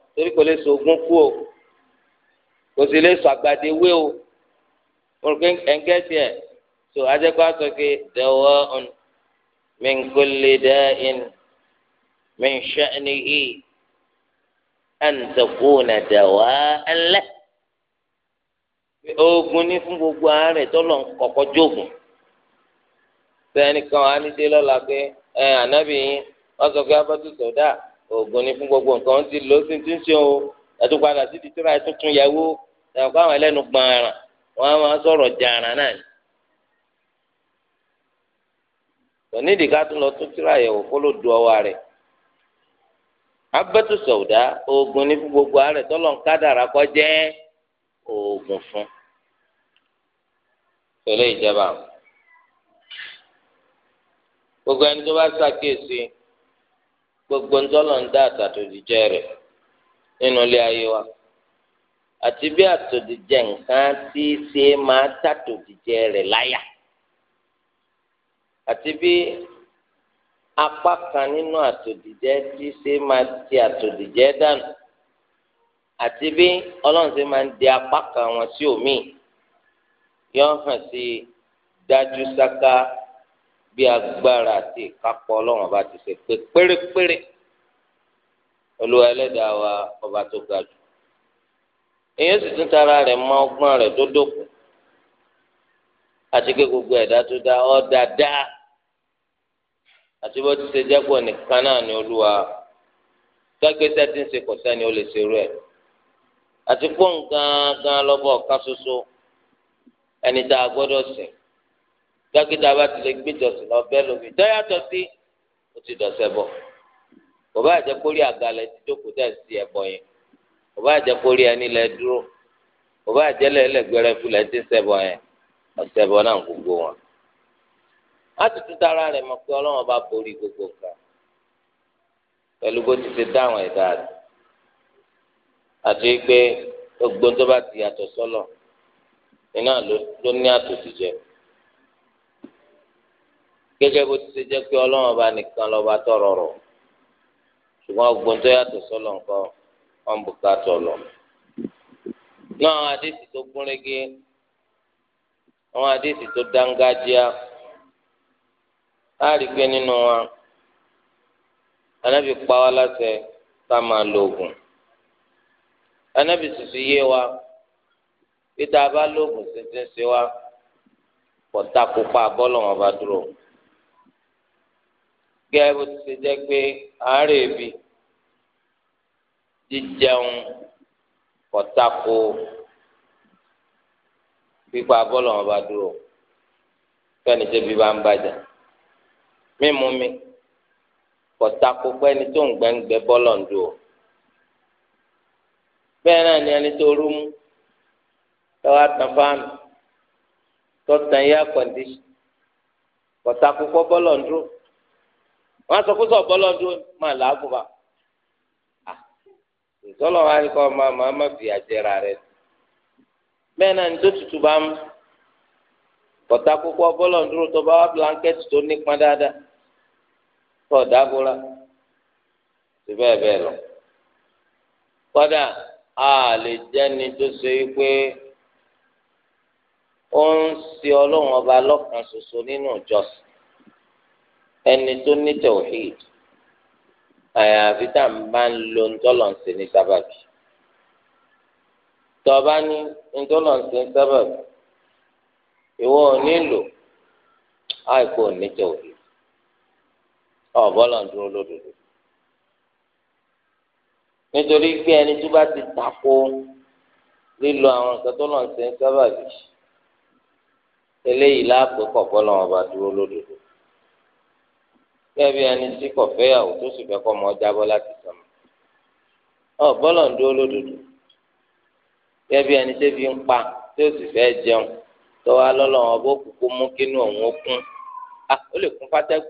Speaker 1: torí kò lè so ogún kú o kò sì lè so àgbàdo ewé o mo rò pé ẹnkẹ́ tiẹ̀ so ajẹ́kọ́ aṣọ ke dẹ̀wọ́ ọ̀n min kulli da'in min sha'nihi an takuna dawa'an lah oògùn ní fún gbogbo àárẹ̀ tọ́lọ̀ kọ̀kọ́ jóògùn sẹ́nìkan á ní dé lọ́la pé ẹ̀ ànábìyín wọ́n sọ pé abátú oògùn ni fún gbogbo nǹkan ti lò ó ti ń ṣe o ẹtù padà sí títúrà ẹtù tún yẹ wó ẹ̀kọ́ àwọn ẹlẹ́nu gbọ̀nràn wọn á máa sọ̀rọ̀ jàràn náà ni. onídìí ká tún lọ tún tíra yẹ̀wò kó ló du ọwọ́ rẹ̀ abẹ́tù sọ̀dá oògùn ní fún gbogbo àárẹ̀ tọ́lọ̀ ń kádàrá kọ́ jẹ́ oògùn fún pẹ̀lú ìjọba gbogbo ẹni tó bá ṣàkíyèsí. gbogbo ńtọ́lọ̀ ń dá àtàtòdìjẹ́ rẹ nínú ilé ayé wa àti bí àtòdìjẹ́ nǹkan ti ṣe máa tàtòdìjẹ́ rẹ̀ láyà àti bí apá kan nínú àtòdìjẹ́ tí ṣe máa ti àtòdìjẹ́ dànù àti bí ọlọ́run ṣe máa ń di apá kan wọn sí òmíì yọ hàn sí dájú sáká. bí agbára àti ìkápọ̀ ọlọ́run ọba ti ṣe pé pérépéré olúwa ẹlẹ́dàá wa ọba tó ga jù èyí sì tún tara rẹ̀ mọ ọgbọ́n rẹ̀ tó dókun àti pé gbogbo ẹ̀dá tó dá ọ́ dáadáa àti bó ti ṣe jẹ́pọ̀ nìkan náà ni olúwa gbẹ́gbẹ́sẹ́ ti ń ṣe kò sẹ́ni ó lè ṣerú ẹ̀ àti pọ́ǹ gangan lọ́bọ̀ ọ̀kan ṣoṣo ẹni tá a gbọ́dọ̀ sìn dókítà bá ti lè gbé ìjọsìn lọ bẹ́ẹ̀ lómi dọ́yàtọ̀ sí ó ti dọ̀sẹ̀ bọ̀ kò bá jẹ́ kórìí àgàlẹ̀ tí jókòó tẹ̀ sí ẹ̀bọ yẹn kò bá jẹ́ kórìí ẹni lẹ dúró kò bá jẹ́ lẹ́lẹ́gbẹ̀rẹ́ fúlẹ̀ tí sẹ̀bọ yẹn ọ̀sẹ̀bọ náà gbogbo wọn. a ti tún tara rẹ̀ mọ̀ pé ọlọ́wọ́n bá borí gbogbo nǹkan pẹ̀lú bó ti ṣe dáhùn ẹ̀dá rẹ̀ àti pé gbogbo tó bá ti yàtọ̀ sọ́lọ̀ iná ló ní àtòsí jẹ́ mi gẹ́gẹ́ bó ti ṣe jẹ́ pé ọlọ́run ọba nìkan lọ́ba tọrọ rọ̀ ṣùgbọ́n ọgbọ́n tó yàtọ̀ sọ́lọ̀ nǹkan wọn bù ká tọ̀ lọ. náà àdéhìí tó gúnrégé àwọn àdéhìí tó dángájíá láàrí pé nínú wa anábì pa wá láṣẹ máa lo oògùn anábì sùsù yé wa pété a bá lóògùn tuntun sí wa pọ̀ takò pa bọ́ọ̀lù wọn bá dúró gẹ́gẹ́ bó ti ṣe jẹ́ pé àárẹ̀ ibi jíjẹun kọ̀tàkó pípa bọ́ọ̀lù wọn bá dúró fẹ́ni tẹ́bi bá ń bàjẹ́ mímú mi kọ̀tàkó pẹ́ni tó ń gbẹ́ngbẹ́ bọ́ọ̀lù ń dúró bẹ́ẹ̀ náà ni ẹni tó rú mú tọ́wọ́ tán fáànù tọ́tàn yá kọ̀ǹdíṣì kọ̀tàkó kọ́ bọ́ọ̀lù ń dúró. wọn sọ pé sọ̀bọ́ lọ́dún máa làágùn bá ìtọ́lọ̀ wa ni máa máa má fi àjẹrà rẹ bẹ́ẹ̀ náà ní tó bá mú kọ̀tà kókó ọbọ́lọ̀ dúró tó bá blanketi tó nípa dáadáa tó ti bẹ́ẹ̀ bẹ́ẹ̀ lọ kọ́dà a lè jẹ́ni tó ṣe wípé ó ń ṣe ọlọ́run ọba ṣoṣo nínú ìjọsìn ẹni tó ní tawhid àyàfi tá à ń bá ń lo ntọ́lọ̀nsìn ní sábàbí tọ́ba ní ntọ́lọ̀nsìn sábàbí ìwọ ò nílò àìkú ò ní tawhid ọ̀bọ́lọ̀ ń dúró lódodo nítorí pé ẹni tó bá ti tako lílo àwọn nǹkan tó sábàbí eléyìí láàpẹ́ kọ̀ọ̀bọ́lọ̀ wọn bá dúró lódodo kẹ́bi ẹni tí kò fẹ́yàwó tó sì fẹ́ kọ́ ọmọ jábọ́ láti sọmọ ọ bọ́lọ̀ ń dúró lódodo kẹ́bi ẹni tí fi ń pa tó sì fẹ́ jẹun tó wá lọ́lọ́ wọn bó kúkú mú kínú òun ó kún a ó lè kún fátẹ́kù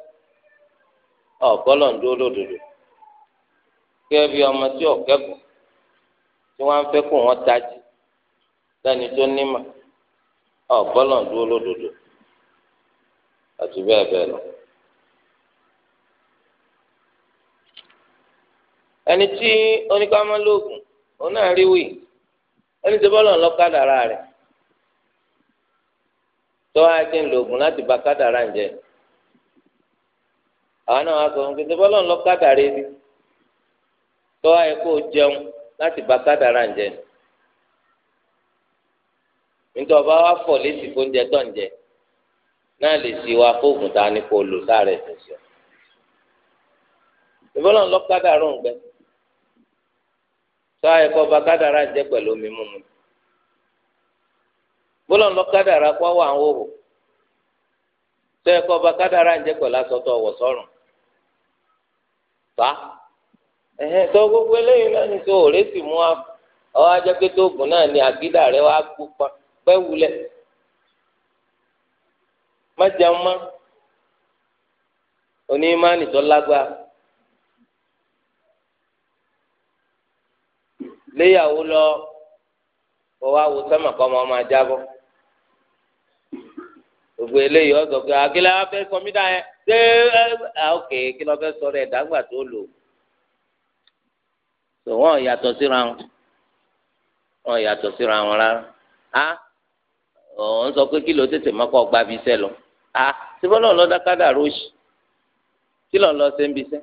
Speaker 1: ọ bọ́lọ̀ ń dúró lódodo kẹ́bi ọmọ tí ò kẹ́kọ̀ọ́ tí wọ́n á fẹ́ kó wọn tají lẹ́ni tó nímọ̀ ọ bọ́lọ̀ ń dúró lódodo àti bẹ́ẹ̀ bẹ́ẹ̀ lọ. ẹni tí oníkàmọ́lógún òun ẹni tí bọ́lọ̀ lọ́kàdàrà rẹ̀ tó wáá jẹ́ ńlọgùn láti bá kádàrà ń jẹ àwọn náà wá sọ fún jẹun láti bá kádàrà ń ọba wa fọ̀ létí tó ń jẹ náà lè sọ àyẹ̀kọ́ ọba kádàrá jẹ́ pẹ̀lú omi mímu bọ́lọ̀n lọ kádàrá kọ́ wà ń wòwò sọ àyẹ̀kọ́ ọba kádàrá pẹ̀lú fa ẹ̀hẹ́n gbogbo eléyìí náà ní sọ òré sì mú ọ náà àgídà rẹ kú léyàwó lọ kó wá wo sọmọ kọ ọmọ ọmọ ajábọ gbogbo eléyìí ọsọ pé akílẹ afẹ kọmídà yẹn ṣé ẹ ok kí lọ fẹ sọ̀rọ̀ ẹ dàgbà tó lò tó wọn yàtọ̀ síra wọn wọn yàtọ̀ síra wọn rárá a ọ ń sọ pé kí ló tètè mọkọ gbàbí iṣẹ́ lọ a síbọ náà lọ dákádà róòṣì kí lọ lọ ṣe ń bí iṣẹ́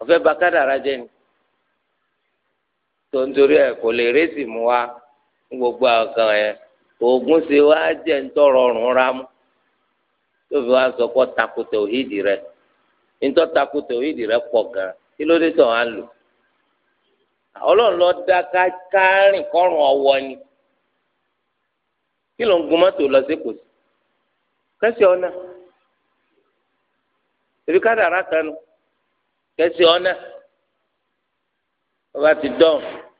Speaker 1: ọfẹ bá kádàrá jẹ ni tó ń torí ẹ̀ kò lè rẹ́sì mú wa ní gbogbo àkàn yẹn oògùn si wá jẹ́ ń tọrọ ọ̀rùn rámú tó fi wá sọ pé tako tòhídì rẹ rẹ pọ̀ gan kí ló dé tó wá lò ọlọ́run lọ dá kárìn kọ́rùn ọwọ́ ni kí ló ń gun mọ́tò lọ sí kò sí kẹsì ọ̀nà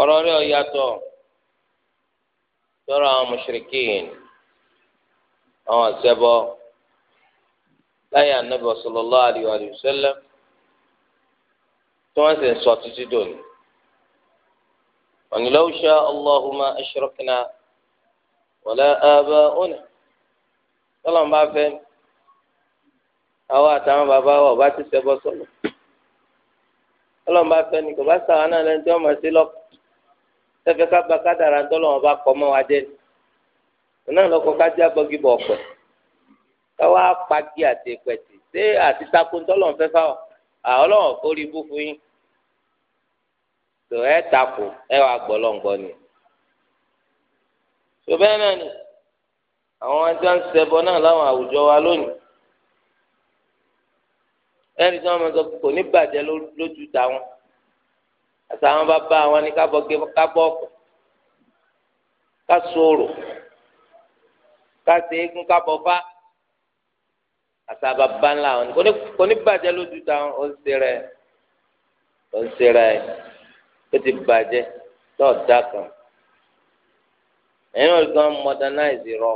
Speaker 1: ọ̀rọ̀ rẹ̀ ọ̀yàtọ̀ lọ́rọ̀ àwọn mushrikin àwọn àṣẹbọ láyé ànábì sallallahu alaihi wa sallam tí wọ́n sì ń sọ títí dòní. wọ́n ní law sha'a Allahu ma ashrakna wala aba'una tọ́lọ́n bá fẹ́ àwọn àtàwọn bàbá wa ọba ti ṣẹbọ sọ̀rọ̀ tọ́lọ́n bá fẹ́ ni kò bá sàwọn náà lẹ́ni tí wọ́n máa ṣe lọ́kọ̀ sẹfẹ ká ba kádàrá ńtọ́lọ́wọ́n bá kọ́ mọ́ wa jẹ́ ni náà lọ́kọ́ kájí abọ́gibọ̀ ọ̀pẹ̀ káwá pagi àti ìpẹ̀tì ṣé àti takò ńtọ́lọ́wọ́n fẹ́ fáwọn àọlọ́wọ́n forí bú fún yín tó ẹ takò ẹ wà gbọ́lọ́ngbọ́ ni tó náà ni àwọn ajá ń ṣẹbọ náà láwọn àwùjọ wa lónìí ẹnì tí wọn máa sọ kò ní bàjẹ́ lójú tàwọn àtàwọn bàbá àwọn ni kábọ gé kábọ ọkọ ká sòrò ká ṣe eégún kábọ fá àtàwọn bàbá ńlá àwọn ni kò ní bàjẹ́ lójú táwọn ó ń ṣe rẹ ó ń ṣe rẹ ó ti bàjẹ́ lọ́ọ̀dá kan ẹ̀yin náà gan modernize rọ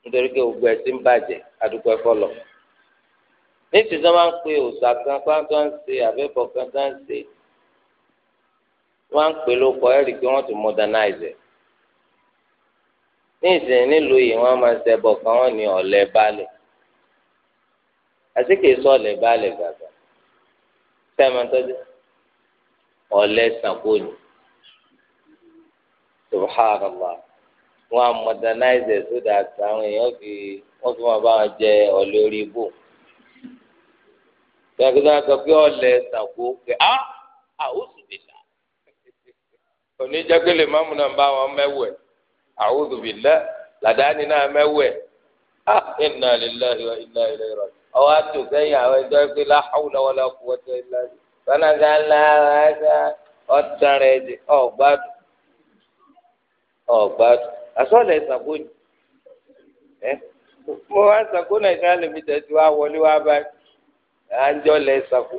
Speaker 1: nítorí pé gbogbo ẹtí bàjẹ́ adúgbò ẹ̀fọ́ lọ. níṣìṣẹ́ máa ń pe òòsà kan tó ń ṣe àbẹ́bọ̀ kan tó ń ṣe wọn ń pè lóko ẹ rí i pé wọn ti modernize ní ìsìn nílùú yìí wọn máa ṣẹbọ kan wọn ní ọ̀lẹ balẹ̀ sọ gbàgbà tọjú subhanallah wọn modernize so that àwọn èèyàn fi wọn fi wọn bá wọn jẹ ọ̀lẹ orí ibò gbàgbà sọ pé ọ̀lẹ sàkó ah àwùjọ. Ah, onídjágbélé mọ́mú náà ń bá wọn mẹ́wẹ̀ a'udhu billah làdáni náà mẹ́wẹ̀ á inna lillahi wa inna ilayhi raji ọwọ́ àtò sẹ́yìn àwọn ẹjọ́ pé la hawla wala quwwata illa billah sọ́nàdà làásà ọ̀tàrẹ̀ ẹ̀jẹ̀ ọ̀gbádùn ọ̀gbádùn àsọ̀lẹ̀ ìsàkóyè ẹ̀ mo wá sàkó nàìjíríà lèmi tẹ̀sí wa wọlé wa báyìí à ń jọ lẹ̀ sàkó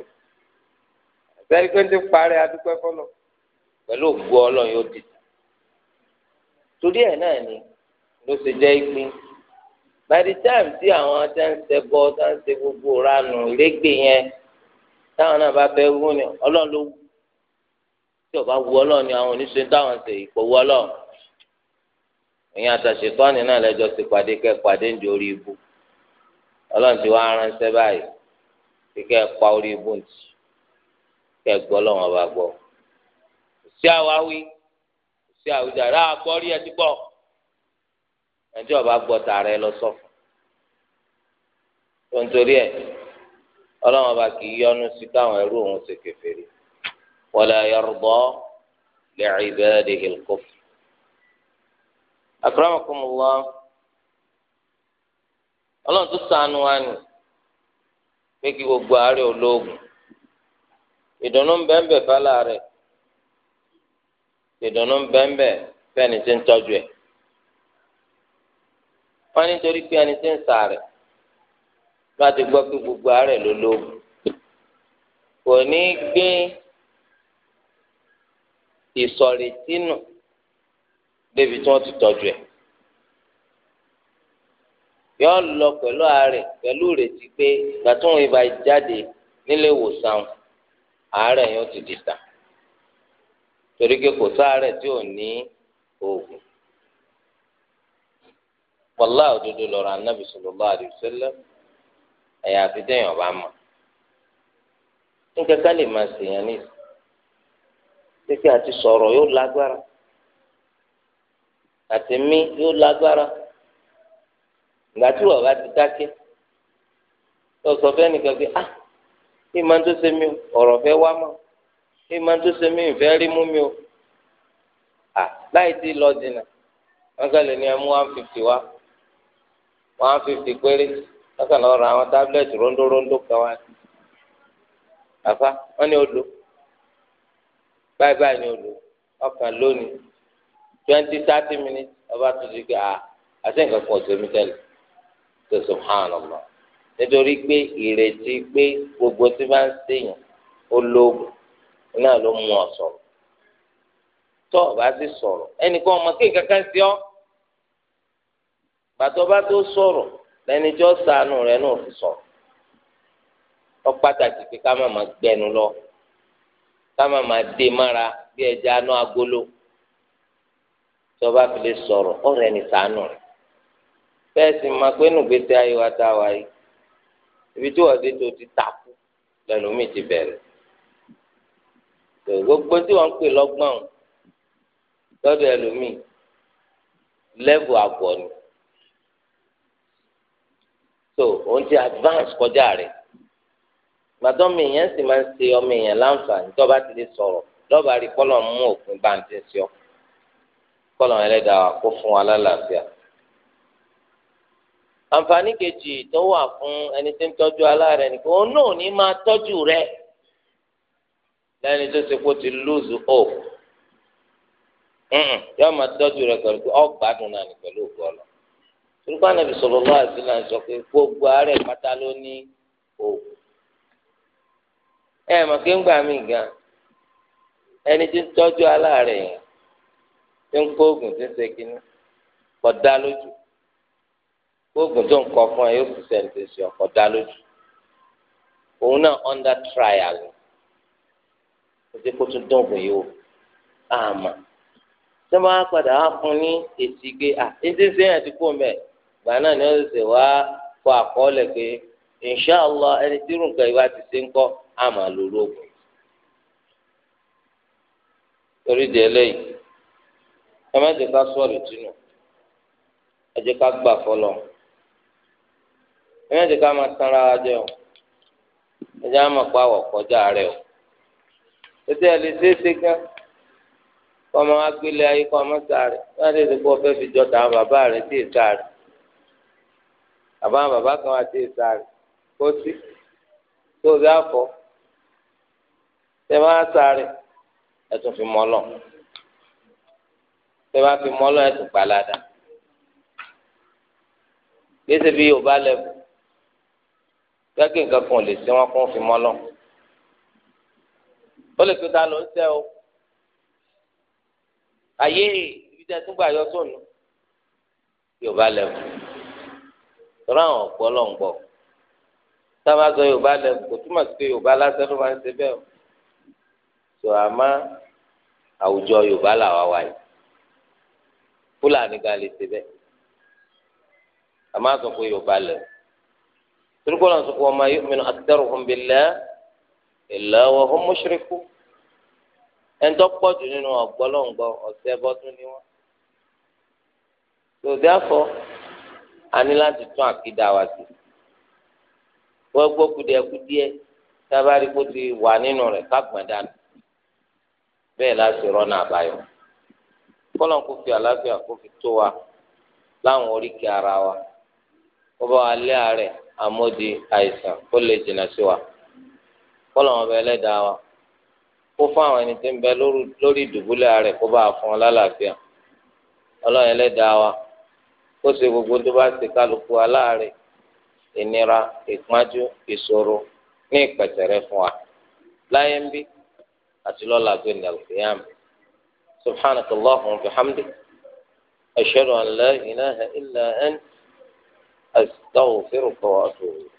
Speaker 1: sẹ́ni pé ń ti parí adúpẹ́ fọlọ́ pẹ̀lú ògbó ọlọ́run yóò dìtà torí ẹ̀ náà ni ló ṣe jẹ́ ìpín by the time tí àwọn ajá ń ṣe bọ́ tá ń ṣe gbogbo ranù ìrégbè yẹn táwọn náà bá fẹ́ wú ni ọlọ́run ló wú tí ọba wú ọlọ́run ni àwọn oníṣe táwọn ṣe ìpòwú ọlọ́run ìyẹn àtàṣetọ́ni náà lẹ́jọ́ ti pàdé kẹ́ pàdé ń di orí ibu ọlọ́run ti wá ránṣẹ́ báyìí kí pa orí ibu ntì kẹ́ gbọ́ lọ́wọ́n bá gbọ́ sí àwáwí sí àwùjára àgbọ̀rí ẹtí gbọ́ ẹtí ọba gbọ́ tààrẹ lọ sọ tó ń torí ẹ ọlọ́run ọba kì í yọnu sí káwọn ẹrú òun ṣe kèfèrí wala yarda li'ibadihi al-kufr. akramakumullah ọlọ́run tó ṣàánú wa ni pé kí gbogbo àárẹ̀ olóògùn ìdùnnú ń bẹ́ẹ̀ bẹ́ẹ̀ fálà rẹ̀ ìdùnnú bẹ́ẹ̀nbẹ́ fẹ́ni tí ń tọ́jú ẹ̀. wọ́n nítorí pé ẹni tí ń ṣàárẹ̀ bá ti gbọ́ pé gbogbo àárẹ̀ ló lóògùn kò ní gbé ìsọ̀rètí nù débi tí wọ́n ti tọ́jú ẹ̀. yọ lọ pẹ̀lú àárẹ̀ pẹ̀lú ìrètí pé gbàtúwìn ibà jáde nílé ìwòsàn àárẹ̀ yóò ti dìtà torí pé kò sáárẹ̀ tí ò ní oògùn wàlá òdodo lọ́rọ̀ anábì sallallahu alaihi wasallam ẹ̀yà àti téèyàn bá mọ̀ nǹkan ká lè máa ṣèyàn ní títí àti sọ̀rọ̀ yóò lágbára àti mí yóò lágbára ìgbà tí wọ́n ti dákẹ́ tó sọ fẹ́ nìkan pé ah bí màá tó ṣe ọ̀rọ̀ fẹ́ wá mọ́ ìmọ̀ tó ṣe mí ìfẹ́ rí mú mi o à láì tí lọ dènà wọn kẹlẹ ẹmú one fifty wá one fifty péré wọn kàn lọ ra àwọn tábìlẹ̀tì rondórondó kan wá sí àfa wọn ni ó lò báyìí báyìí ni ó lò ọkàn lónìí twenty thirty minutes ọba tó di pé à àti nǹkan kan ọ̀sẹ̀ mi tẹ́lẹ̀ tó subhanallah nítorí pé ìrètí pé gbogbo tí wọ́n ń sèyàn ó lóògùn. náà ló mú ọ sọrọ tó ọba ti sọ̀rọ̀ ẹnìkan ọmọ kí sí ọ bá tó lẹni tí sànù rẹ náà fi ọ pàtàkì pé ká má má gbẹnu lọ ká má má dé mára bí agolo tí ọba fi lè sọrọ ọ̀rẹ́ ní sànù rẹ bẹ́ẹ̀ sì máa pé nùgbésí ayé wa tá a wáyé ibi tí tó ti tó gbogbo tí wọ́n ń pè lọ́gbọ́n lọ́dọ̀ ẹlòmíì lẹ́vù àgọ́ ni tó òun ti advance kọjá rẹ̀ gbàtọ́ mi yẹn sì máa ń ṣe ọmọ èèyàn láǹfààní tó bá ti lè sọ̀rọ̀ lọ́ba rí kọ́lọ̀ mú òpin bá ń ti ń sọ kọ́lọ̀ ẹlẹ́dàá wa kó fún wa lálàáfíà. àǹfààní kejì tó wà fún ẹni tí ń tọ́jú aláàárẹ̀ nìkan òun náà ní máa tọ́jú rẹ̀ lẹ́ni tó ṣe kó ti lose hope yóò máa tọ́jú rẹ̀ pẹ̀lú pé ọgbàdùn náà ní pẹ̀lú òkú ọ̀la turukpa nàbì sọ̀rọ̀ lọ́wọ́ àti náà sọ pé gbogbo àárẹ̀ pátá ló ní òògùn ẹ mọ̀ ń gbà mí gan ẹni tí ń tọ́jú aláàárẹ̀ yẹn tí ń kó oògùn tí ń ṣe kínní dá lójú oògùn tó ń kọ ojú kó tún yìí o àmà tí wọn bá padà wá fún ní èsì gbé à ètí ṣe yẹn ti kú mẹ gbà náà ni kọ àkọọ́lẹ̀ pé inṣàlá ẹni tí rúǹkà ìwà ti ṣe ń kọ àmà lórí ògùn torí di eléyìí ẹ má jẹ ká tìǹù ẹ fọlọ ẹ má jẹ ká máa o ẹ jẹ pa ètò ẹ̀ lè ṣeé ṣe gan kọ́mọ agbélé ayé kọ́mọ sáré wọ́n ti dìbò ọ̀fẹ́ fi jọ tàwọn bàbá rẹ̀ tí ì sáré bàbá bàbá kan wà tí ì sáré kó sí tó bí àfọ tẹ bá sáré ẹtùn fi mọ́ lọ tẹ bá fi mọ́ lọ ẹtùn gbalada gbèsè bí Yorùbá lẹ́bù gbẹ́gẹ́ nǹkan kan ò lè ṣe wọ́n kó fi mọ́ lọ́wọ́ ó lè tó ta ló ń sẹ́ o àyè ibi tí a tún gbà yọ sóònù yorùbá lẹ́wọ̀n tọ́lá àwọn ọ̀pọ̀ ọlọ́ǹgbọ̀ sábà sọ yorùbá lẹ́wọ̀n kò túmọ̀ sí pé yorùbá lásán ló máa ń ṣe bẹ́ẹ̀ o sọ àmọ́ àwùjọ yorùbá làwa wáyé fúlàní gan lè ṣe bẹ́ẹ̀ àmọ́ àtúnkò yorùbá lẹ́wọ̀n turukɔ lɔn sɔkò ɔmá yu'minu aktharuhum billah illa wa hum mushriku ẹnitọ́ pọ̀jù nínú ọ̀gbọ́lọ́ngbọ́ ọ̀sẹ̀ bọ́tún ni wọ́n. tòdí afọ àní láti tún àkídà wa sí wọ́n gbọ́ kùdìẹ̀kùdìẹ̀ tábàárí kó ti wà nínú rẹ kápẹ́ dànù bẹ́ẹ̀ láti rọ́nà àbáyọ. kò fi àlàáfíà fi wa láwọn ara wa bá wa lé àìsàn kó wa wa. kó fún àwọn ẹni tí ń bẹ lórí ìdùbúlẹ̀ rẹ̀ kó bá a fún ọ lálàáfíà ọlọ́run ẹlẹ́dàá wa kó ṣe gbogbo tó bá ṣe kálukú aláàárẹ̀ ìnira ìpọ́njú ìṣòro ní ìpẹ̀tẹ̀rẹ̀ fún wa láyé ń bí àti lọ́la gbé ní alùpùpù سبحانك اللهم وبحمدك أشهد أن لا إله إلا أنت أستغفرك وأتوب إليك